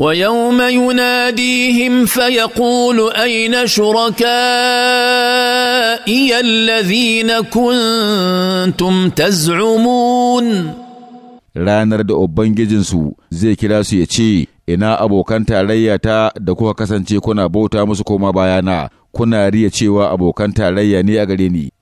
ويوم يناديهم فيقول اين شركائي الذين كنتم تزعمون ranar da Ubangijinsu zai kira su ya ce, Ina abokan tarayyata da kuka kasance kuna bauta musu koma bayana, kuna riya cewa abokan tarayya ne a gare ni.